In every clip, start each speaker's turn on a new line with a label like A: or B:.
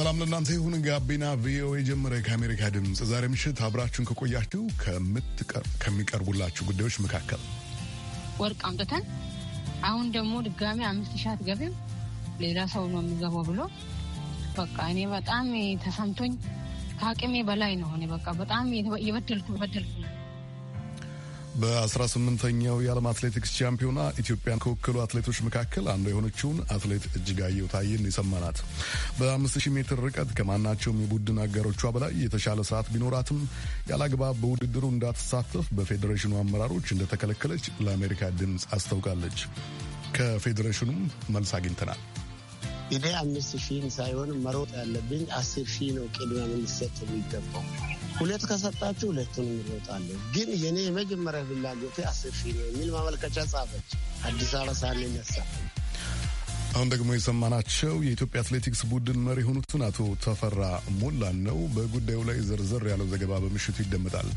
A: ሰላም ለእናንተ ይሁን። ጋቢና ቪኦኤ ጀመረ። ከአሜሪካ ድምፅ ዛሬ ምሽት አብራችሁን ከቆያችሁ ከሚቀርቡላችሁ ጉዳዮች መካከል
B: ወርቅ አምጥተን አሁን ደግሞ ድጋሚ አምስት ሺህ አትገቢም ሌላ ሰው ነው የሚገባው ብሎ በቃ እኔ በጣም ተሰምቶኝ ከአቅሜ በላይ ነው። እኔ በቃ በጣም የበደልኩ በደልኩ
A: በ18ኛው የዓለም አትሌቲክስ ቻምፒዮና ኢትዮጵያን ከወከሉ አትሌቶች መካከል አንዱ የሆነችውን አትሌት እጅጋየሁ ታዬን የሰማናት። በ5000 ሜትር ርቀት ከማናቸውም የቡድን አጋሮቿ በላይ የተሻለ ሰዓት ቢኖራትም ያላግባብ በውድድሩ እንዳትሳተፍ በፌዴሬሽኑ አመራሮች እንደተከለከለች ለአሜሪካ ድምፅ አስታውቃለች። ከፌዴሬሽኑም መልስ አግኝተናል።
C: እኔ አምስት ሺህን ሳይሆን መሮጥ ያለብኝ አስር ሺህ ነው ቅድሚያ የሚሰጥ የሚገባው ሁለት ከሰጣችሁ ሁለቱንም እሮጣለሁ፣ ግን የኔ የመጀመሪያ ፍላጎቴ አስር ነው የሚል ማመልከቻ ጻፈች። አዲስ አበባ ሳለ ይነሳ
A: አሁን ደግሞ የሰማናቸው የኢትዮጵያ አትሌቲክስ ቡድን መሪ የሆኑትን አቶ ተፈራ ሞላን ነው። በጉዳዩ ላይ ዘርዘር ያለው ዘገባ በምሽቱ ይደመጣል።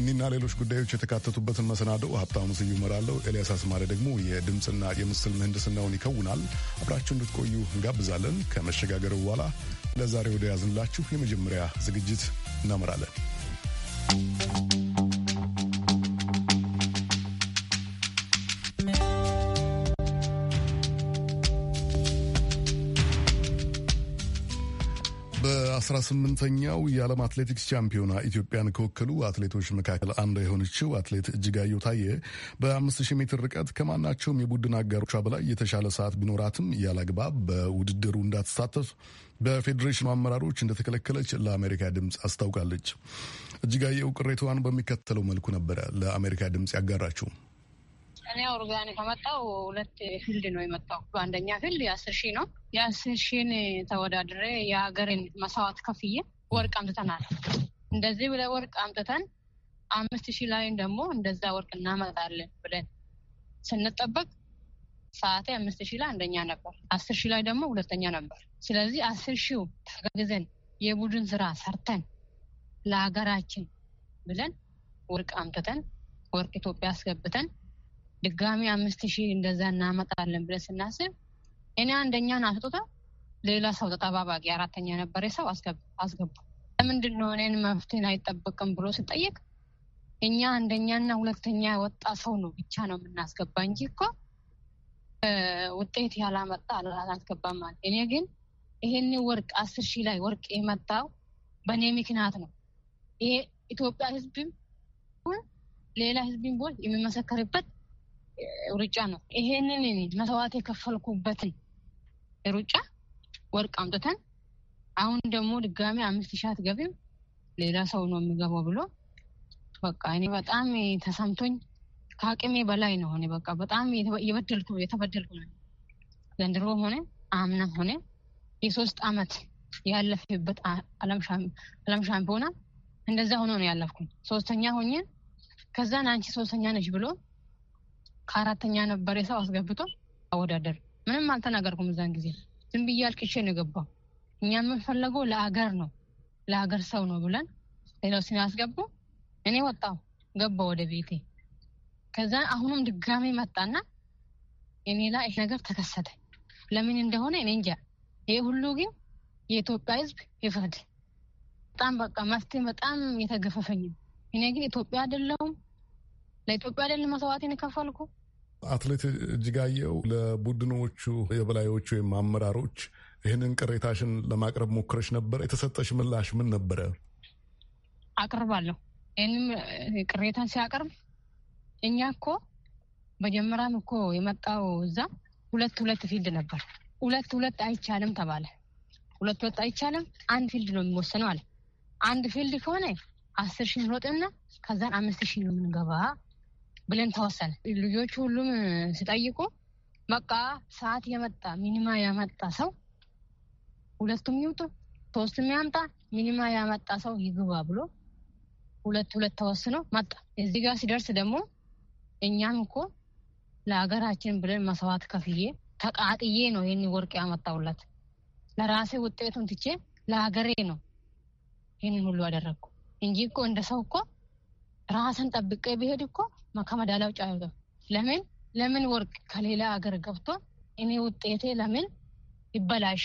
A: እኒና ሌሎች ጉዳዮች የተካተቱበትን መሰናደው ሀብታሙ ስዩ እመራለሁ። ኤልያስ አስማሪ ደግሞ የድምፅና የምስል ምህንድስናውን ይከውናል። አብራችሁ እንድትቆዩ እንጋብዛለን። ከመሸጋገር በኋላ ለዛሬ ወደ ያዝንላችሁ የመጀመሪያ ዝግጅት እናመራለን። በ18ኛው የዓለም አትሌቲክስ ቻምፒዮና ኢትዮጵያን ከወከሉ አትሌቶች መካከል አንዱ የሆነችው አትሌት እጅጋየው ታየ በ5000 ሜትር ርቀት ከማናቸውም የቡድን አጋሮቿ በላይ የተሻለ ሰዓት ቢኖራትም ያላግባብ በውድድሩ እንዳትሳተፍ በፌዴሬሽኑ አመራሮች እንደተከለከለች ለአሜሪካ ድምፅ አስታውቃለች። እጅጋየው ቅሬታዋን በሚከተለው መልኩ ነበረ ለአሜሪካ ድምፅ ያጋራችው።
B: እኔ ኦርጋን ከመጣው ሁለት ፊልድ ነው የመጣው። አንደኛ ፊልድ የአስር ሺህ ነው። የአስር ሺህን ተወዳድሬ የሀገርን መስዋዕት ከፍዬ ወርቅ አምጥተናል። እንደዚህ ብለ ወርቅ አምጥተን አምስት ሺህ ላይን ደግሞ እንደዛ ወርቅ እናመጣለን ብለን ስንጠበቅ ሰዓቴ አምስት ሺህ ላይ አንደኛ ነበር። አስር ሺህ ላይ ደግሞ ሁለተኛ ነበር። ስለዚህ አስር ሺው ተጋግዘን የቡድን ስራ ሰርተን ለሀገራችን ብለን ወርቅ አምጥተን ወርቅ ኢትዮጵያ አስገብተን ድጋሚ አምስት ሺህ እንደዛ እናመጣለን ብለን ስናስብ እኔ አንደኛን አስጦታ ሌላ ሰው ተጠባባቂ አራተኛ ነበር ሰው አስገቡ። ለምንድን ነው እኔን መፍትሄን አይጠበቅም ብሎ ስጠየቅ እኛ አንደኛና ሁለተኛ የወጣ ሰው ነው ብቻ ነው የምናስገባ እንጂ እኮ ውጤት ያላመጣ አላስገባም። እኔ ግን ይህን ወርቅ አስር ሺህ ላይ ወርቅ የመጣው በእኔ ምክንያት ነው። ይሄ ኢትዮጵያ ህዝብም ሌላ ህዝብም ቢሆን የሚመሰከርበት ሩጫ ነው። ይሄንን መስዋዕት የከፈልኩበትን ሩጫ ወርቅ አምጥተን አሁን ደግሞ ድጋሚ አምስት ሺህ አትገቢም ሌላ ሰው ነው የሚገባው ብሎ በቃ እኔ በጣም ተሰምቶኝ ከአቅሜ በላይ ነው ሆነ። በቃ በጣም የበደልኩ የተበደልኩ ነው። ዘንድሮ ሆነ አምና ሆነ የሶስት አመት ያለፈበት አለም ሻምፒዮና እንደዛ ሆኖ ነው ያለፍኩኝ። ሶስተኛ ሆኜ ከዛን አንቺ ሶስተኛ ነች ብሎ ከአራተኛ ነበር የሰው አስገብቶ አወዳደር። ምንም አልተናገርኩም። እዛን ጊዜ ዝም ብዬ አልቅሼ ነው የገባው። እኛ የምንፈለገው ለአገር ነው ለአገር ሰው ነው ብለን ሌላው ሲናስገቡ እኔ ወጣው ገባ ወደ ቤቴ። ከዛ አሁኑም ድጋሜ መጣና እኔ ላይ ነገር ተከሰተ። ለምን እንደሆነ እኔ እንጃ። ይህ ሁሉ ግን የኢትዮጵያ ሕዝብ ይፍርድ። በጣም በቃ መፍትሄ በጣም የተገፈፈኝ። እኔ ግን ኢትዮጵያ አይደለሁም፣ ለኢትዮጵያ አይደለም መስዋዕቴን የከፈልኩ።
A: አትሌት እጅጋየው ለቡድኖቹ የበላዮች ወይም አመራሮች ይህንን ቅሬታሽን ለማቅረብ ሞክረሽ ነበረ? የተሰጠሽ ምላሽ ምን ነበረ?
B: አቅርባለሁ። ይህንም ቅሬታን ሲያቀርብ እኛ እኮ መጀመሪያም እኮ የመጣው እዛ ሁለት ሁለት ፊልድ ነበር። ሁለት ሁለት አይቻልም ተባለ። ሁለት ሁለት አይቻልም፣ አንድ ፊልድ ነው የሚወሰነው አለ አንድ ፊልድ ከሆነ አስር ሺህ እንሮጥና ከዛን አምስት ሺህ ነው የምንገባ ብለን ተወሰነ። ልጆቹ ሁሉም ሲጠይቁ በቃ ሰዓት የመጣ ሚኒማ ያመጣ ሰው ሁለቱም ይውጡ፣ ሶስቱም ያምጣ፣ ሚኒማ ያመጣ ሰው ይግባ ብሎ ሁለት ሁለት ተወስኖ መጣ። እዚህ ጋር ሲደርስ ደግሞ እኛም እኮ ለሀገራችን ብለን መስዋዕት ከፍዬ ተቃጥዬ ነው ይህን ወርቅ ያመጣውለት ለራሴ ውጤቱን ትቼ ለሀገሬ ነው ይህንን ሁሉ አደረግኩ እንጂ እኮ እንደ ሰው እኮ ራስን ጠብቀ ቢሄድ እኮ መከመዳላው ጫ ለምን ለምን ወርቅ ከሌላ ሀገር ገብቶ እኔ ውጤቴ ለምን ይበላሽ?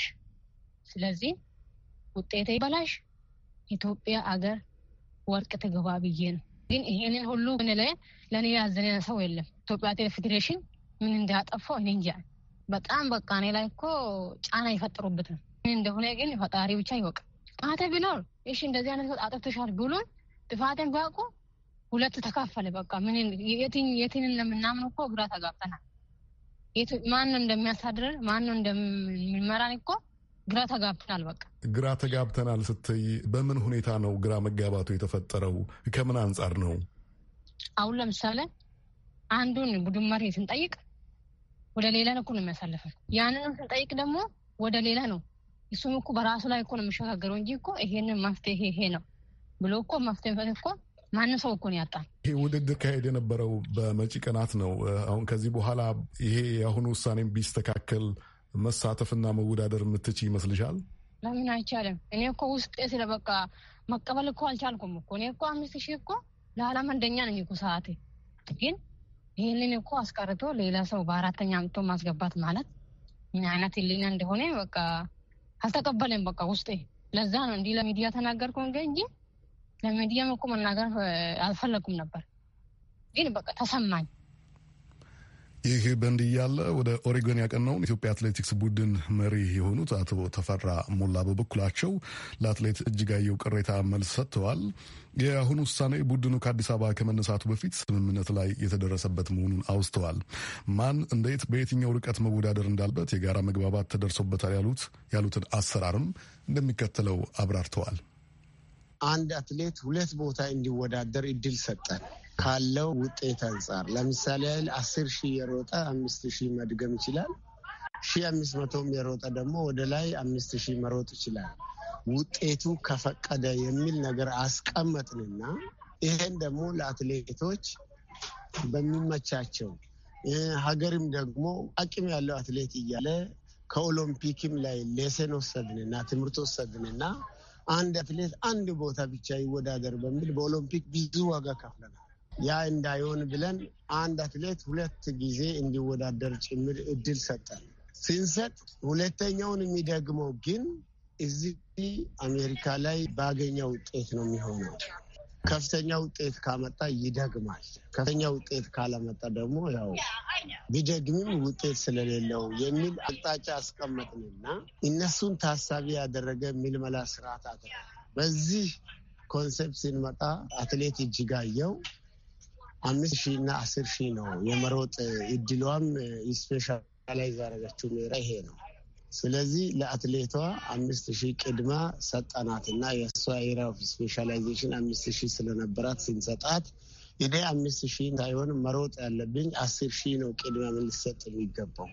B: ስለዚህ ውጤቴ ይበላሽ ኢትዮጵያ ሀገር ወርቅ ትግባ ብዬ ነው። ግን ይሄንን ሁሉ ምን ላይ ለእኔ ያዘነ ሰው የለም። ኢትዮጵያ ቴሌ ፌዴሬሽን ምን እንዳጠፋው እኔ እንጃ። በጣም በቃ እኔ ላይ እኮ ጫና ይፈጥሩበት ነው። ምን እንደሆነ ግን ፈጣሪ ብቻ ይወቅ። ቃተ ቢኖር እሺ እንደዚህ አይነት ሰው አጥፍተሻል ብሎን ጥፋትን ባውቁ ሁለት ተካፈለ። በቃ ምን የትንን ለምናምን እኮ ግራ ተጋብተናል። ማንም እንደሚያሳድረን ማንም እንደሚመራን እኮ ግራ ተጋብተናል። በቃ
A: ግራ ተጋብተናል ስትይ በምን ሁኔታ ነው ግራ መጋባቱ የተፈጠረው? ከምን አንጻር ነው?
B: አሁን ለምሳሌ አንዱን ቡድን መሪ ስንጠይቅ ወደ ሌላ ነው የሚያሳልፈን። ያንንም ስንጠይቅ ደግሞ ወደ ሌላ ነው እሱም እኮ በራሱ ላይ እኮ ነው የሚሸጋገረው እንጂ እኮ ይሄንን መፍትሄ ይሄ ነው ብሎ እኮ መፍትሄ እኮ ማን ሰው እኮ ነው ያጣል።
A: ይሄ ውድድር ካሄድ የነበረው በመጪ ቀናት ነው። አሁን ከዚህ በኋላ ይሄ የአሁኑ ውሳኔም ቢስተካከል መሳተፍና መወዳደር የምትች ይመስልሻል?
B: ለምን አይቻልም? እኔ እኮ ውስጥ ስለ በቃ መቀበል እኮ አልቻልኩም እኮ እኔ እኮ አምስት ሺህ እኮ ለዓለም አንደኛ ነኝ እኮ ሰዓቴ ግን ይህንን እኮ አስቀርቶ ሌላ ሰው በአራተኛ አምጥቶ ማስገባት ማለት ምን አይነት ህሊና እንደሆነ በቃ አልተቀበለም። በቃ ውስጤ ለዛ ነው እንዲህ ለሚዲያ ተናገርኩ እንጂ ለሚዲያም እኮ መናገር አልፈለጉም ነበር፣ ግን በቃ ተሰማኝ።
A: ይህ በእንዲህ እያለ ወደ ኦሬጎን ያቀናውን ኢትዮጵያ አትሌቲክስ ቡድን መሪ የሆኑት አቶ ተፈራ ሞላ በበኩላቸው ለአትሌት እጅጋየው ቅሬታ መልስ ሰጥተዋል። የአሁኑ ውሳኔ ቡድኑ ከአዲስ አበባ ከመነሳቱ በፊት ስምምነት ላይ የተደረሰበት መሆኑን አውስተዋል። ማን እንዴት፣ በየትኛው ርቀት መወዳደር እንዳለበት የጋራ መግባባት ተደርሶበታል ያሉት ያሉትን አሰራርም እንደሚከተለው አብራርተዋል።
C: አንድ አትሌት ሁለት ቦታ እንዲወዳደር እድል ሰጠን። ካለው ውጤት አንጻር ለምሳሌ ያህል አስር ሺህ የሮጠ አምስት ሺህ መድገም ይችላል። ሺህ አምስት መቶም የሮጠ ደግሞ ወደ ላይ አምስት ሺህ መሮጥ ይችላል። ውጤቱ ከፈቀደ የሚል ነገር አስቀመጥንና ይሄን ደግሞ ለአትሌቶች በሚመቻቸው ሀገርም ደግሞ አቅም ያለው አትሌት እያለ ከኦሎምፒክም ላይ ሌሰን ወሰድንና ትምህርት ወሰድንና አንድ አትሌት አንድ ቦታ ብቻ ይወዳደር በሚል በኦሎምፒክ ብዙ ዋጋ ከፍለናል። ያ እንዳይሆን ብለን አንድ አትሌት ሁለት ጊዜ እንዲወዳደር ጭምር እድል ሰጠን። ሲንሰጥ ሁለተኛውን የሚደግመው ግን እዚህ አሜሪካ ላይ ባገኘ ውጤት ነው የሚሆነው። ከፍተኛ ውጤት ካመጣ ይደግማል። ከፍተኛ ውጤት ካላመጣ ደግሞ ያው ቢደግምም ውጤት ስለሌለው የሚል አቅጣጫ አስቀመጥንና እነሱን ታሳቢ ያደረገ ምልመላ ስርዓት አድርገን በዚህ ኮንሴፕት ስንመጣ አትሌት እጅጋየው አምስት ሺህ እና አስር ሺህ ነው የመሮጥ እድሏም ስፔሻላይዝ ያደረገችው ሜራ ይሄ ነው። ስለዚህ ለአትሌቷ አምስት ሺህ ቅድማ ሰጠናት እና የእሷ ኤሪያ ኦፍ ስፔሻላይዜሽን አምስት ሺህ ስለነበራት ስንሰጣት እኔ አምስት ሺህ ሳይሆን መሮጥ ያለብኝ አስር ሺህ ነው ቅድሚያ የምንሰጥ የሚገባው።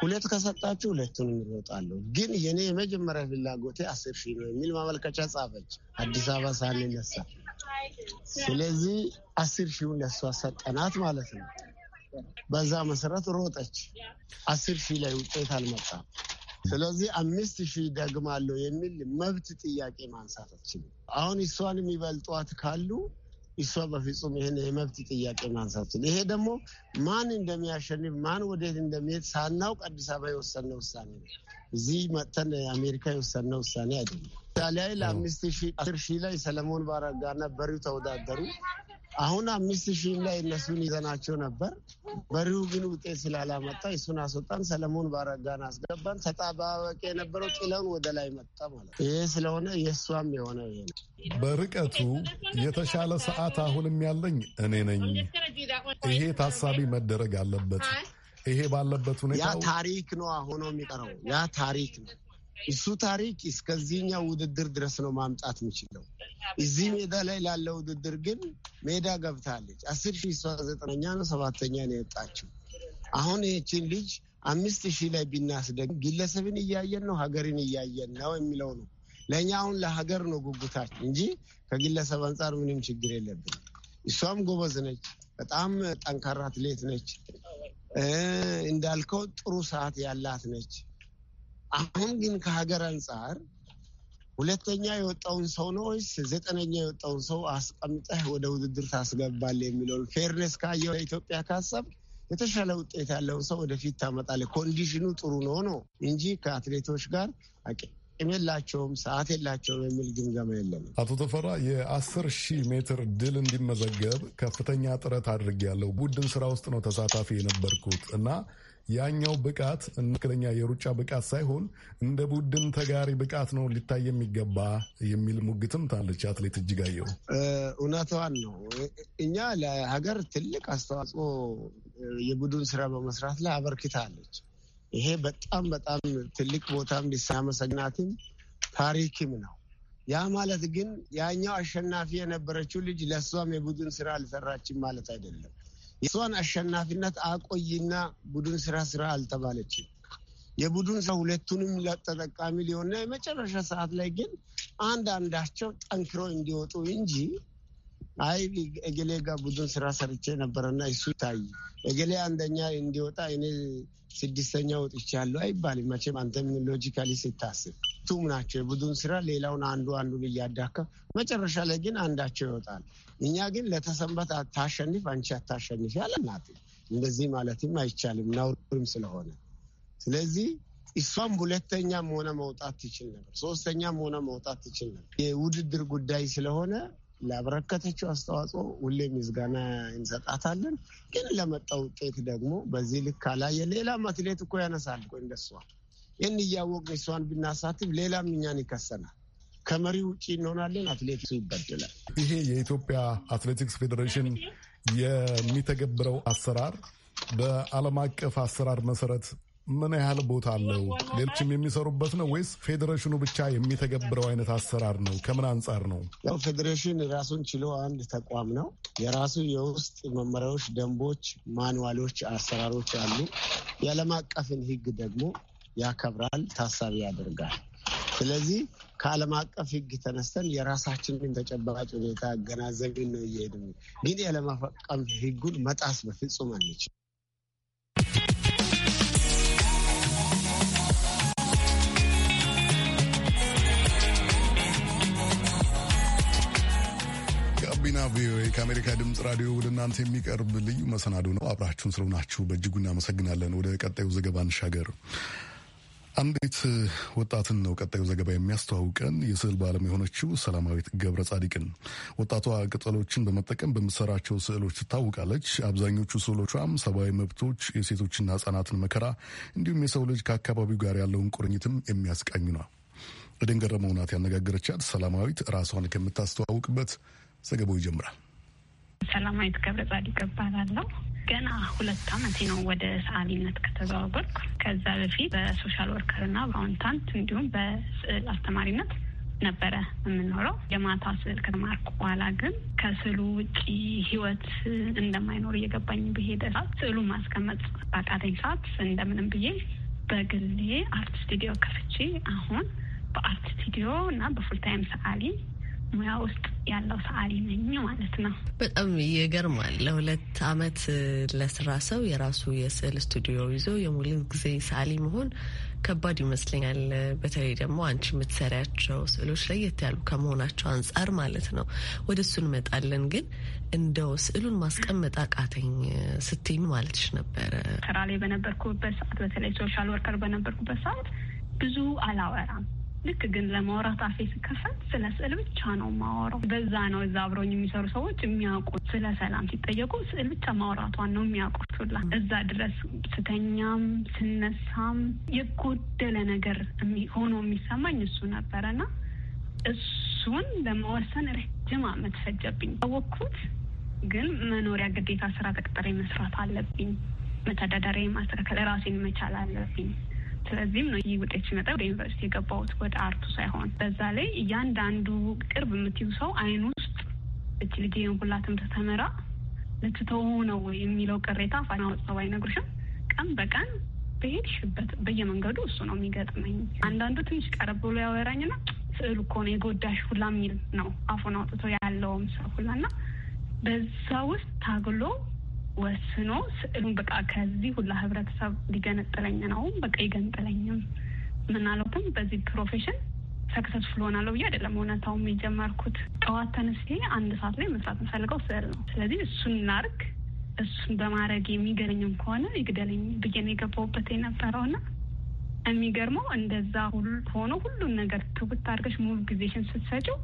C: ሁለት ከሰጣችሁ ሁለቱን እንሮጣለሁ፣ ግን የኔ የመጀመሪያ ፍላጎቴ አስር ሺህ ነው የሚል ማመልከቻ ጻፈች አዲስ አበባ ሳንነሳ ስለዚህ አስር ሺውን ለሷ ሰጠናት ማለት ነው። በዛ መሰረት ሮጠች። አስር ሺህ ላይ ውጤት አልመጣም። ስለዚህ አምስት ሺህ ደግማለሁ የሚል መብት ጥያቄ ማንሳት አችልም። አሁን እሷን የሚበልጧት ካሉ እሷ በፍጹም ይህን የመብት ጥያቄ ማንሳት ይሄ ደግሞ ማን እንደሚያሸንፍ ማን ወዴት እንደሚሄድ ሳናውቅ አዲስ አበባ የወሰነ ውሳኔ ነው። እዚህ መጥተን አሜሪካ የወሰነ ውሳኔ አይደለም። ኢጣሊያ ለአምስት ሺ አስር ላይ ሰለሞን ባረጋና በሪው ተወዳደሩ። አሁን አምስት ሺህ ላይ እነሱን ይዘናቸው ነበር። በሪሁ ግን ውጤት ስላላመጣ እሱን አስወጣን። ሰለሞን ባረጋን አስገባን። ተጣባበቀ የነበረው ጥለን ወደ ላይ መጣ ማለት
A: ይህ ስለሆነ የእሷም የሆነ ይሄ ነው። በርቀቱ የተሻለ ሰዓት አሁንም ያለኝ እኔ ነኝ። ይሄ ታሳቢ መደረግ አለበት። ይሄ ባለበት ሁኔታ ያ ታሪክ ነው አሁኖ የሚቀረው ያ ታሪክ ነው
C: እሱ ታሪክ እስከዚህኛው ውድድር ድረስ ነው ማምጣት የሚችለው። እዚህ ሜዳ ላይ ላለ ውድድር ግን ሜዳ ገብታለች። አስር ሺህ እሷ ዘጠነኛ ነው ሰባተኛ ነው የወጣችው። አሁን ይህችን ልጅ አምስት ሺህ ላይ ቢናስደግ ግለሰብን እያየን ነው፣ ሀገርን እያየን ነው የሚለው ነው። ለእኛ አሁን ለሀገር ነው ጉጉታችን እንጂ ከግለሰብ አንጻር ምንም ችግር የለብን። እሷም ጎበዝ ነች፣ በጣም ጠንካራ አትሌት ነች። እንዳልከው ጥሩ ሰዓት ያላት ነች። አሁን ግን ከሀገር አንጻር ሁለተኛ የወጣውን ሰው ነው ወይስ ዘጠነኛ የወጣውን ሰው አስቀምጠህ ወደ ውድድር ታስገባለህ የሚለውን ፌርነስ ካየው ኢትዮጵያ ካሰብ የተሻለ ውጤት ያለውን ሰው ወደፊት ታመጣለህ። ኮንዲሽኑ ጥሩ ነው ነው እንጂ ከአትሌቶች ጋር አቅም የላቸውም፣ ሰዓት የላቸውም የሚል ግምገማ የለም።
A: አቶ ተፈራ የአስር ሺህ ሜትር ድል እንዲመዘገብ ከፍተኛ ጥረት አድርጌያለሁ። ቡድን ስራ ውስጥ ነው ተሳታፊ የነበርኩት እና ያኛው ብቃት መካከለኛ የሩጫ ብቃት ሳይሆን እንደ ቡድን ተጋሪ ብቃት ነው ሊታይ የሚገባ የሚል ሙግትም ታለች አትሌት እጅጋየሁ።
C: እውነቷን ነው። እኛ ለሀገር ትልቅ አስተዋጽኦ የቡድን ስራ በመስራት ላይ አበርክታለች። ይሄ በጣም በጣም ትልቅ ቦታም ሊሳመሰግናትም ታሪክም ነው። ያ ማለት ግን ያኛው አሸናፊ የነበረችው ልጅ ለእሷም የቡድን ስራ አልሰራችም ማለት አይደለም። የእሷን አሸናፊነት አቆይና ቡድን ስራ ስራ አልተባለችም። የቡድን ስራ ሁለቱንም ተጠቃሚ ሊሆንና የመጨረሻ ሰዓት ላይ ግን አንዳንዳቸው ጠንክሮ እንዲወጡ እንጂ አይ እገሌ ጋር ቡድን ስራ ሰርቼ ነበረና እሱ ታይ እገሌ አንደኛ እንዲወጣ እኔ ስድስተኛ ወጥቻለሁ አይባልም። መቼም አንተም ሎጂካሊ ስታስብ ቱም ናቸው የቡድን ስራ ሌላውን አንዱ አንዱን እያዳካ መጨረሻ ላይ ግን አንዳቸው ይወጣል። እኛ ግን ለተሰንበት አታሸንፍ አንቺ አታሸንፍ ያለ ናት። እንደዚህ ማለትም አይቻልም ነውርም ስለሆነ ስለዚህ እሷም ሁለተኛም ሆነ መውጣት ትችል ነበር፣ ሶስተኛም ሆነ መውጣት ትችል ነበር። የውድድር ጉዳይ ስለሆነ ላበረከተችው አስተዋጽኦ ሁሌም ምስጋና እንሰጣታለን። ግን ለመጣ ውጤት ደግሞ በዚህ ልክ አላየ ሌላም አትሌት እኮ ያነሳል እኮ እንደሷ። ይህን እያወቅን እሷን ብናሳትፍ ሌላም እኛን ይከሰናል። ከመሪ ውጭ እንሆናለን። አትሌቲክሱ ይበድላል።
A: ይሄ የኢትዮጵያ አትሌቲክስ ፌዴሬሽን የሚተገብረው አሰራር በዓለም አቀፍ አሰራር መሰረት ምን ያህል ቦታ አለው? ሌሎችም የሚሰሩበት ነው ወይስ ፌዴሬሽኑ ብቻ የሚተገብረው አይነት አሰራር ነው? ከምን አንጻር ነው?
C: ያው ፌዴሬሽን ራሱን ችሎ አንድ ተቋም ነው። የራሱ የውስጥ መመሪያዎች፣ ደንቦች፣ ማንዋሎች፣ አሰራሮች አሉ። የዓለም አቀፍን ሕግ ደግሞ ያከብራል፣ ታሳቢ ያደርጋል። ስለዚህ ከዓለም አቀፍ ሕግ ተነስተን የራሳችንን ተጨባጭ ሁኔታ አገናዘብን ነው እየሄድን፣ ግን የዓለም አቀፍ ሕጉን መጣስ በፍጹም አንችል
A: ቪኦኤ ከአሜሪካ ድምፅ ራዲዮ ወደ እናንተ የሚቀርብ ልዩ መሰናዶ ነው። አብራችሁን ስለሆናችሁ በእጅጉ እናመሰግናለን። ወደ ቀጣዩ ዘገባ እንሻገር። አንዲት ወጣትን ነው ቀጣዩ ዘገባ የሚያስተዋውቀን። የስዕል ባለም የሆነችው ሰላማዊት ገብረ ጻዲቅን። ወጣቷ ቅጠሎችን በመጠቀም በምትሰራቸው ስዕሎች ትታወቃለች። አብዛኞቹ ስዕሎቿም ሰብአዊ መብቶች፣ የሴቶችና ሕጻናትን መከራ እንዲሁም የሰው ልጅ ከአካባቢው ጋር ያለውን ቁርኝትም የሚያስቃኝ ነው። ደንገረመው ናት ያነጋገረቻት። ሰላማዊት ራሷን ከምታስተዋውቅበት ዘገባው ይጀምራል።
D: ሰላማዊት ገብረ ጻዲቅ እባላለሁ። ገና ሁለት ዓመቴ ነው ወደ ሰዓሊነት ከተዘዋወርኩ። ከዛ በፊት በሶሻል ወርከርና በአውንታንት እንዲሁም በስዕል አስተማሪነት ነበረ የምኖረው። የማታ ስዕል ከተማርኩ በኋላ ግን ከስዕሉ ውጪ ህይወት እንደማይኖር እየገባኝ በሄደ ሰዓት ስዕሉ ማስቀመጥ በአቃተኝ ሰዓት እንደምንም ብዬ በግሌ አርት ስቱዲዮ ከፍቼ አሁን በአርት ስቱዲዮ እና በፉልታይም ሰዓሊ ሙያ ውስጥ ያለው ሰዓሊ ነኝ
E: ማለት ነው። በጣም ይገርማል። ለሁለት አመት ለስራ ሰው የራሱ የስዕል ስቱዲዮ ይዞ የሙሉ ጊዜ ሰዓሊ መሆን ከባድ ይመስለኛል። በተለይ ደግሞ አንቺ የምትሰሪያቸው ስዕሎች ለየት ያሉ ከመሆናቸው አንጻር ማለት ነው። ወደ እሱ እንመጣለን። ግን እንደው ስዕሉን ማስቀመጥ አቃተኝ ስትኝ ማለትሽ ነበረ።
D: ስራ ላይ በነበርኩበት ሰዓት፣ በተለይ ሶሻል ወርከር በነበርኩበት ሰዓት ብዙ አላወራም ልክ ግን ለማውራት አፌ ስከፈት ስለ ስዕል ብቻ ነው ማወራው። በዛ ነው እዛ አብረኝ የሚሰሩ ሰዎች የሚያውቁት። ስለ ሰላም ሲጠየቁ ስዕል ብቻ ማውራቷን ነው የሚያውቁት። ሁላ እዛ ድረስ ስተኛም ስነሳም የጎደለ ነገር ሆኖ የሚሰማኝ እሱ ነበረና እሱን ለመወሰን ረጅም አመት ፈጀብኝ። ያወቅኩት ግን መኖሪያ ግዴታ ስራ ተቀጥሬ መስራት አለብኝ። መተዳደሪያ ማስተካከል ራሴን መቻል አለብኝ። ስለዚህም ነው ይህ ውጤት ሲመጣ ወደ ዩኒቨርሲቲ የገባሁት ወደ አርቱ ሳይሆን። በዛ ላይ እያንዳንዱ ቅርብ የምትይዙ ሰው አይን ውስጥ እች ልጅ ሁላ ትምህርት ተምራ ልትተው ነው የሚለው ቅሬታ ፋና ወጥሰው አይነግሩሽም። ቀን በቀን በሄድሽበት በየመንገዱ እሱ ነው የሚገጥመኝ። አንዳንዱ ትንሽ ቀረብ ብሎ ያወራኝና ስዕሉ እኮ ነው የጎዳሽ ሁላ የሚል ነው አፉን አውጥቶ ያለውም ሰው ሁላና በዛ ውስጥ ታግሎ ወስኖ ስዕሉን በቃ ከዚህ ሁላ ህብረተሰብ ሊገነጥለኝ ነው በቃ ይገንጥለኝም ምናለትም በዚህ ፕሮፌሽን ሰክሰስፉል ሆናለሁ ብዬ አይደለም እውነታውም የጀመርኩት። ጠዋት ተነስቼ አንድ ሰዓት ላይ መስራት የምፈልገው ስዕል ነው። ስለዚህ እሱን ላርግ፣ እሱን በማድረግ የሚገለኝም ከሆነ ይግደለኝ ብዬ ነው የገባሁበት የነበረው ና የሚገርመው እንደዛ ሁሉ ሆኖ ሁሉን ነገር ትውት አድርገሽ ሙሉ ጊዜሽን ስትሰጪው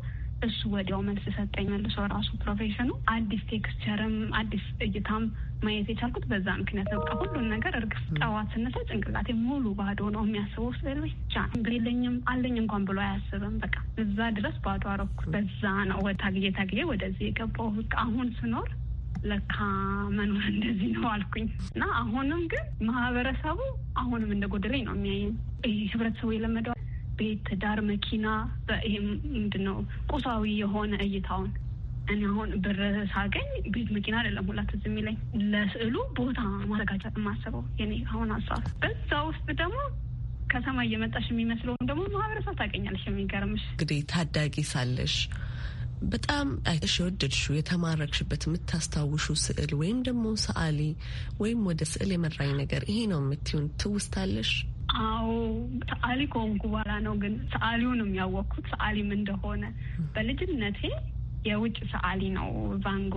D: እሱ ወዲያው መልስ ሰጠኝ መልሶ ራሱ ፕሮፌሽኑ አዲስ ቴክስቸርም አዲስ እይታም ማየት የቻልኩት በዛ ምክንያት ነው። ሁሉን ነገር እርግፍ ጠዋት ስነሳ ጭንቅላቴ ሙሉ ባዶ ነው የሚያስበው ስለ ብቻ የለኝም አለኝ እንኳን ብሎ አያስብም። በቃ እዛ ድረስ ባዶ አረኩት። በዛ ነው ወታግዬ ታግዬ ወደዚህ የገባው። አሁን ስኖር ለካ መኖር እንደዚህ ነው አልኩኝ እና አሁንም ግን ማህበረሰቡ አሁንም እንደጎደለኝ ነው የሚያየኝ። ይህ ህብረተሰቡ የለመደው ቤት፣ ትዳር፣ መኪና ይሄም ምንድን ነው ቁሳዊ የሆነ እይታውን እኔ አሁን ብር ሳገኝ ቤት መኪና አይደለም ሁላ ትዝ የሚለኝ ለስዕሉ ቦታ ማዘጋጀት የማስበው የኔ አሁን ሀሳብ። በዛ ውስጥ ደግሞ ከሰማይ እየመጣሽ የሚመስለውን ደግሞ ማህበረሰብ ታገኛለሽ። የሚገርምሽ
E: እንግዲህ ታዳጊ ሳለሽ በጣም እሺ የወደድሽው የተማረክሽበት የምታስታውሹ ስዕል ወይም ደግሞ ሰዓሊ ወይም ወደ ስዕል የመራኝ ነገር ይሄ ነው የምትሆን ትውስታለሽ?
D: አዎ ሰዓሊ ከሆንኩ በኋላ ነው ግን ሰዓሊውንም ያወቅኩት ሰዓሊም እንደሆነ በልጅነቴ የውጭ ሰዓሊ ነው ቫንጎ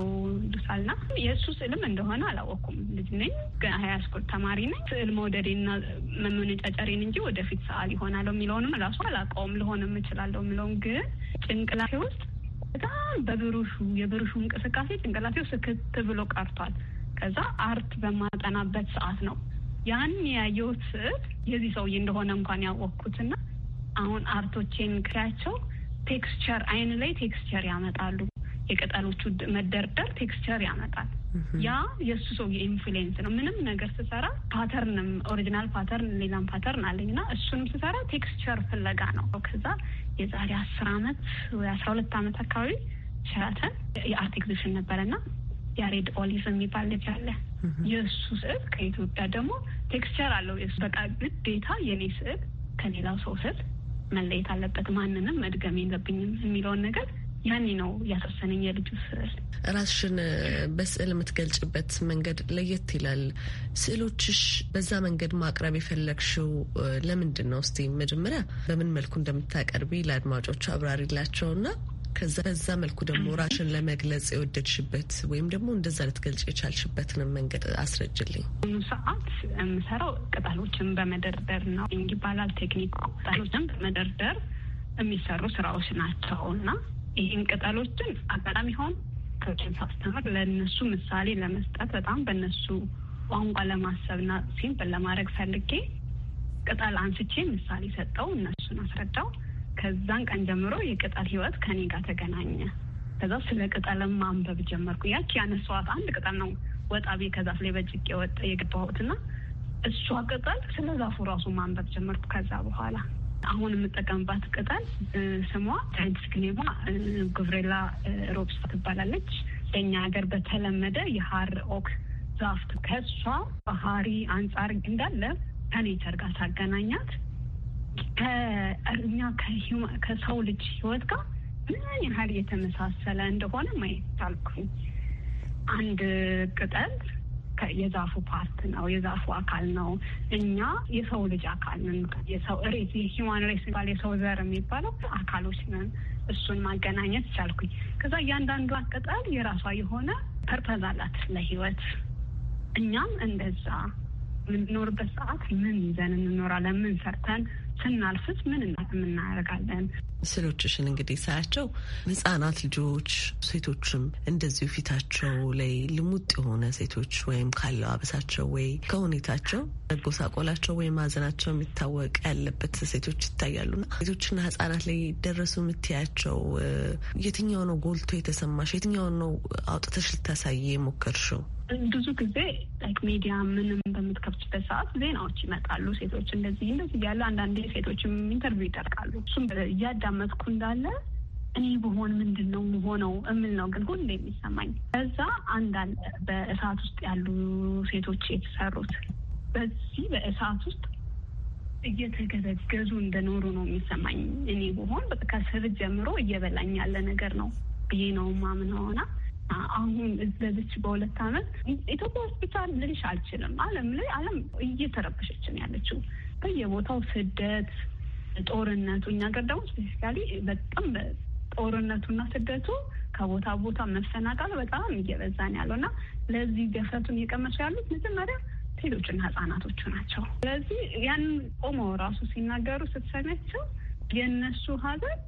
D: ዱሳል ና የእሱ ስዕልም እንደሆነ አላወቅኩም። ልጅ ነኝ፣ ግን ሃይስኩል ተማሪ ነኝ። ስዕል መውደዴና መመነጫጨሬን እንጂ ወደፊት ሰዓሊ እሆናለሁ የሚለውንም ራሱ አላውቀውም። ልሆንም እችላለሁ የሚለውም ግን ጭንቅላቴ ውስጥ በጣም በብሩሹ የብሩሹ እንቅስቃሴ ጭንቅላቴ ውስጥ ክት ብሎ ቀርቷል። ከዛ አርት በማጠናበት ሰዓት ነው ያን ያየሁት ስዕል የዚህ ሰውዬ እንደሆነ እንኳን ያወቅኩትና አሁን አርቶቼን ክያቸው ቴክስቸር አይን ላይ ቴክስቸር ያመጣሉ። የቅጠሎቹ መደርደር ቴክስቸር ያመጣል። ያ የእሱ ሰውዬ ኢንፍሉዌንስ ነው። ምንም ነገር ስሰራ ፓተርንም ኦሪጂናል ፓተርን ሌላም ፓተርን አለኝ እና እሱንም ስሰራ ቴክስቸር ፍለጋ ነው። ከዛ የዛሬ አስር አመት ወይ አስራ ሁለት አመት አካባቢ ሸራተን የአርት ኤግዚቢሽን ነበረና ያሬድ ኦሊቭ የሚባል ልጅ አለ። የእሱ ስዕል ከኢትዮጵያ ደግሞ ቴክስቸር አለው። በቃ ግዴታ የኔ ስዕል ከሌላው ሰው ስዕል መለየት አለበት፣ ማንንም መድገም የለብኝም የሚለውን ነገር ያኔ ነው ያሳሰነኝ የልጁ
B: ስዕል።
E: ራስሽን በስዕል የምትገልጭበት መንገድ ለየት ይላል። ስዕሎችሽ በዛ መንገድ ማቅረብ የፈለግሽው ለምንድን ነው? እስቲ መጀመሪያ በምን መልኩ እንደምታቀርቢ ለአድማጮቹ አብራሪላቸውና በዛ መልኩ ደግሞ ራሽን ለመግለጽ የወደድሽበት ወይም ደግሞ እንደዛ ልትገልጽ የቻልሽበትን መንገድ አስረጅልኝ። ብዙ ሰዓት
D: የምሰራው ቅጠሎችን በመደርደር ነው። ንግ ይባላል ቴክኒክ። ቅጠሎችን በመደርደር የሚሰሩ ስራዎች ናቸው እና ይህን ቅጠሎችን አጋጣሚ ሆን ከችን ሳስተምር ለእነሱ ምሳሌ ለመስጠት በጣም በእነሱ ቋንቋ ለማሰብና ሲምፕል ለማድረግ ፈልጌ ቅጠል አንስቼ ምሳሌ ሰጠው፣ እነሱን አስረዳው። ከዛን ቀን ጀምሮ የቅጠል ህይወት ከኔ ጋር ተገናኘ። ከዛ ስለ ቅጠልም ማንበብ ጀመርኩ። ያች ያነሳኋት አንድ ቅጠል ነው ወጣ ቤ ከዛፍ ላይ በጭቅ የወጣ የገባሁት እና እሷ ቅጠል ስለ ዛፉ ራሱ ማንበብ ጀመርኩ። ከዛ በኋላ አሁን የምጠቀምባት ቅጠል ስሟ ታይድስክኔባ ጉብሬላ ሮብስ ትባላለች። በእኛ ሀገር በተለመደ የሀር ኦክ ዛፍ ከእሷ ባህሪ አንጻር እንዳለ ከኔቸር ጋር ታገናኛት። ከእኛ ከሰው ልጅ ህይወት ጋር ምን ያህል የተመሳሰለ እንደሆነ ማየት ቻልኩኝ። አንድ ቅጠል የዛፉ ፓርት ነው፣ የዛፉ አካል ነው። እኛ የሰው ልጅ አካል ነን። የሰው ሬስ ሂማን ሬስ የሚባል የሰው ዘር የሚባለው አካሎች ነን። እሱን ማገናኘት ቻልኩኝ። ከዛ እያንዳንዱ ቅጠል የራሷ የሆነ ፐርፐዝ አላት ለህይወት። እኛም እንደዛ የምንኖርበት ሰዓት ምን ይዘን እንኖራለን? ምን ሰርተን ስናልፍት ምን
E: እናደርጋለን? ምስሎችሽን እንግዲህ ሳያቸው ህጻናት ልጆች፣ ሴቶችም እንደዚሁ ፊታቸው ላይ ልሙጥ የሆነ ሴቶች ወይም ካለባበሳቸው ወይ ከሁኔታቸው መጎሳቆላቸው ወይም ሀዘናቸው የሚታወቅ ያለበት ሴቶች ይታያሉና ሴቶችና ህጻናት ላይ ደረሱ የምትያቸው የትኛው ነው ጎልቶ የተሰማሽ? የትኛው ነው አውጥተሽ ልታሳይ የሞከርሽው?
D: ብዙ ጊዜ ላይክ ሚዲያ ምንም በምትከፍችበት ሰዓት ዜናዎች ይመጣሉ። ሴቶች እንደዚህ እንደዚህ እያለ አንዳንዴ ሴቶችም ኢንተርቪው ይጠርቃሉ። እሱም እያዳመጥኩ እንዳለ እኔ በሆን ምንድን ነው መሆነው እምል ነው ግን ሁሌ የሚሰማኝ በዛ አንዳንድ በእሳት ውስጥ ያሉ ሴቶች የተሰሩት በዚህ በእሳት ውስጥ እየተገዘገዙ እንደኖሩ ነው የሚሰማኝ። እኔ በሆን ከስር ጀምሮ እየበላኝ ያለ ነገር ነው ብዬ ነው ሆና አሁን በዚች በሁለት ዓመት ኢትዮጵያ ሆስፒታል ልልሽ አልችልም። ዓለም ላይ ዓለም እየተረበሸች ነው ያለችው በየቦታው ስደት፣ ጦርነቱ እኛ ሀገር ደግሞ ስፔሲካሊ በጣም ጦርነቱና ስደቱ ከቦታ ቦታ መፈናቀሉ በጣም እየበዛ ነው ያለው እና ለዚህ ገፈቱን እየቀመሱ ያሉት መጀመሪያ ሴቶችና ህጻናቶቹ ናቸው። ስለዚህ ያን ቆመው ራሱ ሲናገሩ ስትሰሚያቸው የእነሱ ሀዘን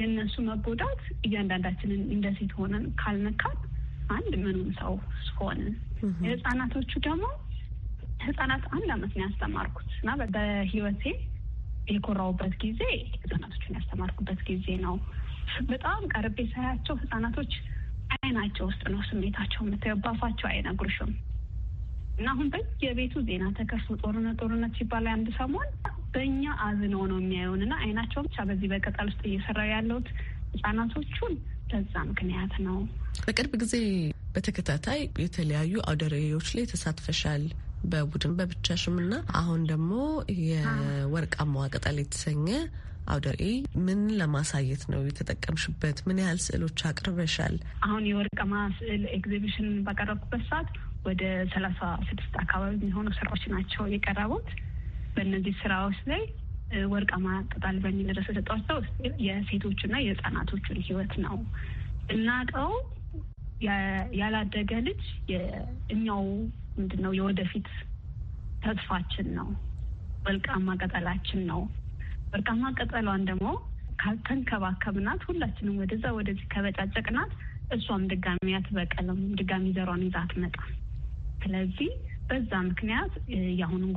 D: የእነሱ መጎዳት እያንዳንዳችንን እንደ ሴት ሆነን ካልነካን አንድ ምኑም ሰው ሆንን። የህጻናቶቹ ደግሞ ህጻናት አንድ አመት ነው ያስተማርኩት እና በህይወቴ የኮራውበት ጊዜ ህጻናቶችን ያስተማርኩበት ጊዜ ነው። በጣም ቀርቤ ሳያቸው ህጻናቶች አይናቸው ውስጥ ነው ስሜታቸው የምትገባፋቸው፣ ባፋቸው አይነግሩሽም። እና አሁን በየቤቱ ዜና ተከፍቶ ጦርነት ጦርነት ሲባል አንድ ሰሞን በእኛ አዝነው ነው የሚያዩን እና አይናቸው ብቻ በዚህ በቅጠል ውስጥ እየሰራ ያለሁት ህጻናቶቹን ለዛ ምክንያት ነው።
E: በቅርብ ጊዜ በተከታታይ የተለያዩ አውደ ርዕዮች ላይ ተሳትፈሻል። በቡድን በብቻሽም እና አሁን ደግሞ የወርቃማዋ ቅጠል የተሰኘ አውደ ርዕይ ምን ለማሳየት ነው የተጠቀምሽበት? ምን ያህል ስዕሎች አቅርበሻል?
D: አሁን የወርቃማ ስዕል ኤግዚቢሽን ባቀረብኩበት ሰዓት ወደ ሰላሳ ስድስት አካባቢ የሚሆኑ ስራዎች ናቸው የቀረቡት። በእነዚህ ስራዎች ላይ ወርቃማ ቅጠል በሚል ርዕስ የሰጧቸው የሴቶችና የህፃናቶችን ህይወት ነው። እናቀው ያላደገ ልጅ እኛው ምንድን ነው የወደፊት ተስፋችን ነው፣ ወርቃማ ቅጠላችን ነው። ወርቃማ ቅጠሏን ደግሞ ከተንከባከብናት፣ ሁላችንም ወደዛ ወደዚህ ከበጫጨቅናት፣ እሷም ድጋሚ አትበቀልም፣ ድጋሚ ዘሯን ይዛ አትመጣም። ስለዚህ በዛ ምክንያት የአሁኑን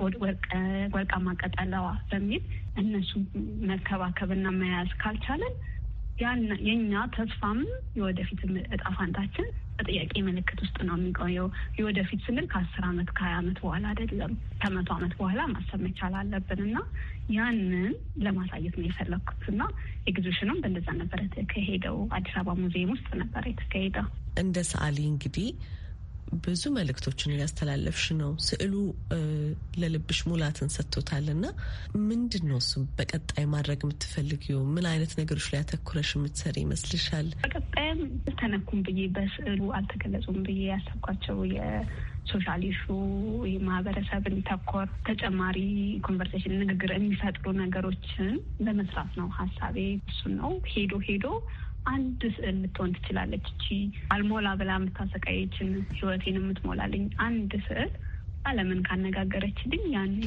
D: ወርቃማ ቀጠለዋ በሚል እነሱን መከባከብና መያዝ ካልቻለን የእኛ ተስፋም የወደፊት እጣ ፋንታችን በጥያቄ ምልክት ውስጥ ነው የሚቆየው። የወደፊት ስንል ከአስር አመት ከሀያ አመት በኋላ አይደለም ከመቶ አመት በኋላ ማሰብ መቻል አለብን እና ያንን ለማሳየት ነው የፈለግኩት
E: እና ኤግዚቢሽኑም በእንደዛ ነበረ ከሄደው አዲስ አበባ ሙዚየም ውስጥ ነበረ የተካሄደው። እንደ ሰዓሊ እንግዲህ ብዙ መልእክቶችን እያስተላለፍሽ ነው። ስዕሉ ለልብሽ ሙላትን ሰጥቶታል እና ምንድን ነው እሱ በቀጣይ ማድረግ የምትፈልጊው? ምን አይነት ነገሮች ላይ ያተኩረሽ የምትሰሪ ይመስልሻል? በቀጣይም ተነኩም ብዬ
D: በስዕሉ አልተገለጹም ብዬ ያሰብኳቸው ሶሻል ኢሹ የማህበረሰብን ተኮር ተጨማሪ ኮንቨርሴሽን ንግግር የሚፈጥሩ ነገሮችን ለመስራት ነው ሀሳቤ። እሱ ነው ሄዶ ሄዶ አንድ ስዕል ልትሆን ትችላለች። እቺ አልሞላ ብላ የምታሰቃየችን ህይወቴን የምትሞላልኝ አንድ ስዕል ዓለምን ካነጋገረችልኝ ያኔ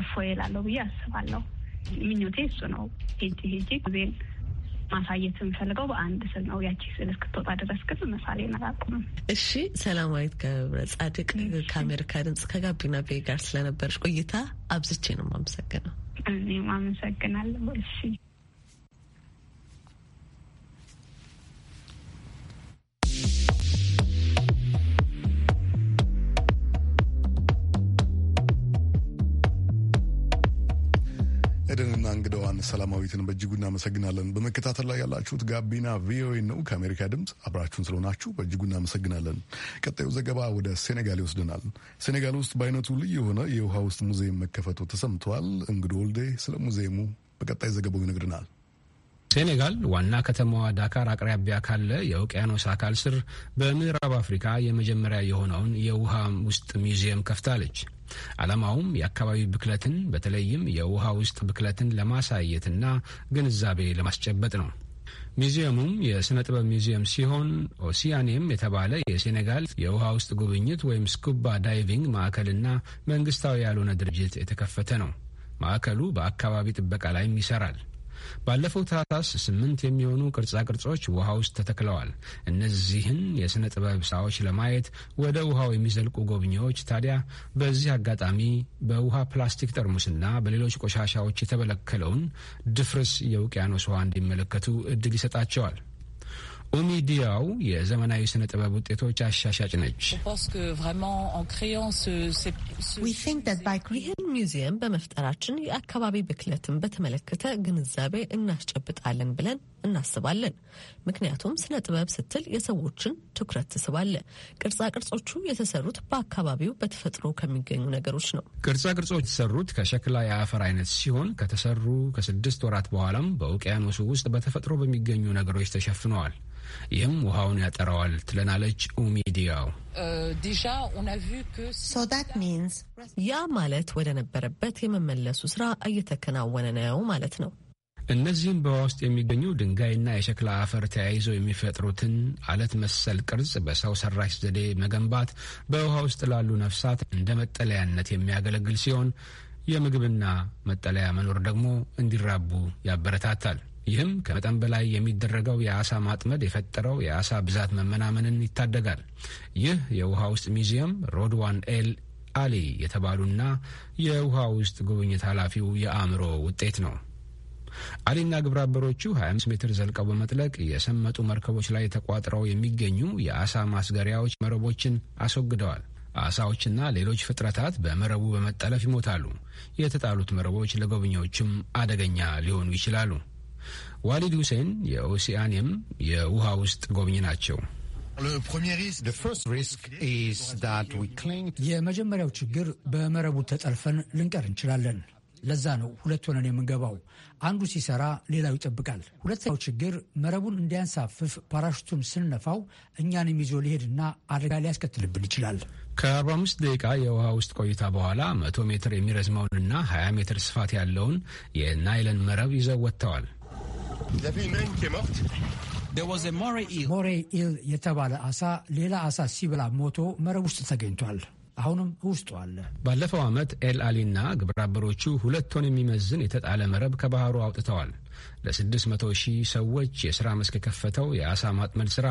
D: እፎ እላለሁ ብዬ አስባለሁ። ምኞቴ እሱ ነው። ሄጂ ሄጂ ዜን ማሳየት የምፈልገው በአንድ ስል ነው። ያቺ ስል እስክትወጣ ድረስ ግን መሳሌን
E: አላቁምም። እሺ፣ ሰላማዊት ገብረ ጻድቅ ከአሜሪካ ድምጽ ከጋቢና ቤ ጋር ስለነበረች ቆይታ አብዝቼ ነው የማመሰግነው።
D: እኔም አመሰግናለሁ። እሺ
A: ኤደንና እንግዳዋን ሰላማዊትን በእጅጉ እናመሰግናለን። በመከታተል ላይ ያላችሁት ጋቢና ቪኦኤ ነው ከአሜሪካ ድምፅ። አብራችሁን ስለሆናችሁ በእጅጉ እናመሰግናለን። ቀጣዩ ዘገባ ወደ ሴኔጋል ይወስደናል። ሴኔጋል ውስጥ በአይነቱ ልዩ የሆነ የውሃ ውስጥ ሙዚየም መከፈቱ ተሰምተዋል። እንግዶ ወልዴ ስለ ሙዚየሙ በቀጣይ ዘገባው ይነግርናል።
F: ሴኔጋል ዋና ከተማዋ ዳካር አቅራቢያ ካለ የውቅያኖስ አካል ስር በምዕራብ አፍሪካ የመጀመሪያ የሆነውን የውሃ ውስጥ ሚውዚየም ከፍታለች። ዓላማውም የአካባቢ ብክለትን በተለይም የውሃ ውስጥ ብክለትን ለማሳየትና ግንዛቤ ለማስጨበጥ ነው። ሚዚየሙም የሥነ ጥበብ ሚዚየም ሲሆን ኦሲያኔም የተባለ የሴኔጋል የውሃ ውስጥ ጉብኝት ወይም ስኩባ ዳይቪንግ ማዕከልና መንግስታዊ ያልሆነ ድርጅት የተከፈተ ነው። ማዕከሉ በአካባቢ ጥበቃ ላይም ይሰራል። ባለፈው ታህሳስ ስምንት የሚሆኑ ቅርጻቅርጾች ውሃ ውስጥ ተተክለዋል። እነዚህን የሥነ ጥበብ ሳዎች ለማየት ወደ ውሃው የሚዘልቁ ጎብኚዎች ታዲያ በዚህ አጋጣሚ በውሃ ፕላስቲክ ጠርሙስና በሌሎች ቆሻሻዎች የተበለከለውን ድፍርስ የውቅያኖስ ውሃ እንዲመለከቱ እድል ይሰጣቸዋል። ኦሚዲያው የዘመናዊ ስነ ጥበብ ውጤቶች አሻሻጭ ነች።
E: ይህን ሚውዚየም በመፍጠራችን የአካባቢ ብክለትን በተመለከተ ግንዛቤ እናስጨብጣለን ብለን እናስባለን። ምክንያቱም ስነ ጥበብ ስትል የሰዎችን ትኩረት ትስባለ። ቅርጻ ቅርጾቹ የተሰሩት በአካባቢው በተፈጥሮ ከሚገኙ ነገሮች ነው።
F: ቅርጻ ቅርጾች የተሰሩት ከሸክላ የአፈር አይነት ሲሆን ከተሰሩ ከስድስት ወራት በኋላም በውቅያኖሱ ውስጥ በተፈጥሮ በሚገኙ ነገሮች ተሸፍነዋል። ይህም ውሃውን ያጠራዋል ትለናለች ኡሚዲያው።
E: euh, ያ ማለት ወደ ነበረበት የመመለሱ ስራ እየተከናወነ ነው ማለት ነው።
F: እነዚህም በውሃ ውስጥ የሚገኙ ድንጋይና የሸክላ አፈር ተያይዘው የሚፈጥሩትን አለት መሰል ቅርጽ በሰው ሰራሽ ዘዴ መገንባት በውሃ ውስጥ ላሉ ነፍሳት እንደ መጠለያነት የሚያገለግል ሲሆን የምግብና መጠለያ መኖር ደግሞ እንዲራቡ ያበረታታል። ይህም ከመጠን በላይ የሚደረገው የአሳ ማጥመድ የፈጠረው የአሳ ብዛት መመናመንን ይታደጋል። ይህ የውሃ ውስጥ ሚዚየም ሮድዋን ኤል አሊ የተባሉና የውሃ ውስጥ ጉብኝት ኃላፊው የአእምሮ ውጤት ነው። አሊና ግብረአበሮቹ 25 ሜትር ዘልቀው በመጥለቅ የሰመጡ መርከቦች ላይ ተቋጥረው የሚገኙ የአሳ ማስገሪያዎች መረቦችን አስወግደዋል። አሳዎችና ሌሎች ፍጥረታት በመረቡ በመጠለፍ ይሞታሉ። የተጣሉት መረቦች ለጎብኚዎችም አደገኛ ሊሆኑ ይችላሉ። ዋሊድ ሁሴን የኦሲያኒየም የውሃ ውስጥ ጎብኚ ናቸው። የመጀመሪያው ችግር በመረቡ ተጠልፈን ልንቀር እንችላለን። ለዛ ነው ሁለት ሆነን የምንገባው። አንዱ ሲሰራ ሌላው ይጠብቃል። ሁለተኛው ችግር መረቡን እንዲያንሳፍፍ ፓራሽቱን ስንነፋው እኛንም ይዞ ሊሄድና አደጋ ሊያስከትልብን ይችላል። ከ45 ደቂቃ የውሃ ውስጥ ቆይታ በኋላ 100 ሜትር የሚረዝመውንና 20 ሜትር ስፋት ያለውን የናይለን መረብ ይዘው ወጥተዋል። ሞሬ ኢል የተባለ አሳ ሌላ አሳ ሲበላ ሞቶ መረብ ውስጥ ተገኝቷል። አሁንም ውስጡ አለ።
A: ባለፈው ዓመት
F: ኤል አሊና ግብረአበሮቹ ሁለት ቶን የሚመዝን የተጣለ መረብ ከባህሩ አውጥተዋል። ለ600 ሺህ ሰዎች የሥራ መስክ የከፈተው የአሳ ማጥመድ ሥራ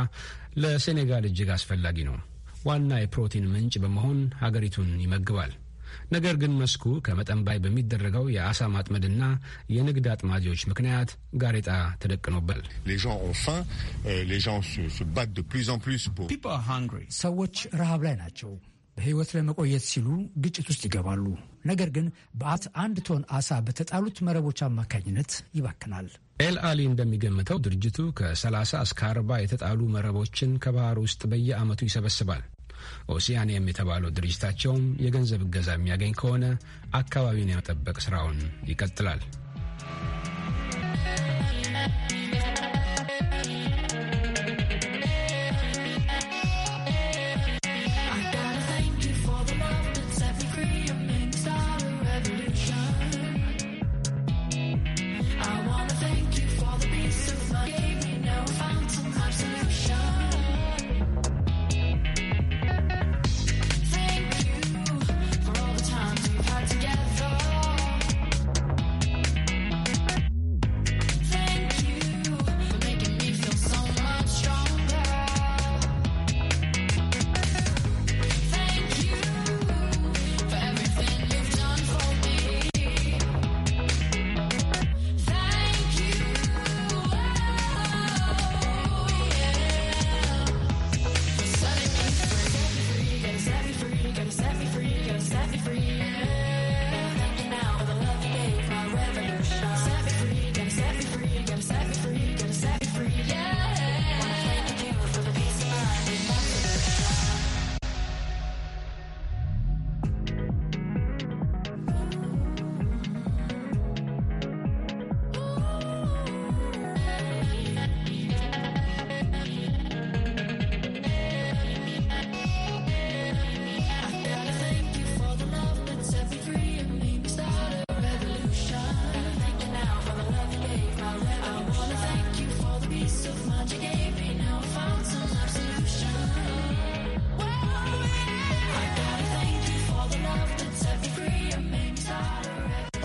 F: ለሴኔጋል እጅግ አስፈላጊ ነው። ዋና የፕሮቲን ምንጭ በመሆን ሀገሪቱን ይመግባል። ነገር ግን መስኩ ከመጠን ባይ በሚደረገው የአሳ ማጥመድና የንግድ አጥማጆች ምክንያት ጋሬጣ ተደቅኖበል። euh, ሰዎች ረሃብ ላይ ናቸው። በሕይወት ለመቆየት ሲሉ ግጭት ውስጥ ይገባሉ። ነገር ግን በአት አንድ ቶን አሳ በተጣሉት መረቦች አማካኝነት ይባክናል። ኤል አሊ እንደሚገምተው ድርጅቱ ከ30 እስከ 40 የተጣሉ መረቦችን ከባህር ውስጥ በየዓመቱ ይሰበስባል። ኦሲያኒየም የተባለው ድርጅታቸውም የገንዘብ እገዛ የሚያገኝ ከሆነ አካባቢውን የመጠበቅ ሥራውን ይቀጥላል።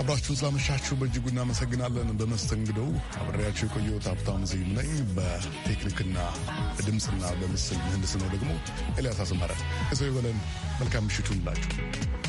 A: አብራችሁን ስላመሻችሁ በእጅጉ እናመሰግናለን። በመስተንግደው አብሬያቸው የቆየሁት ሀብታሙ ዝይም ነኝ። በቴክኒክና በድምፅና በምስል ነው ደግሞ ኤልያስ አስማረ። ከሰው ይበለን። መልካም ምሽቱን ላችሁ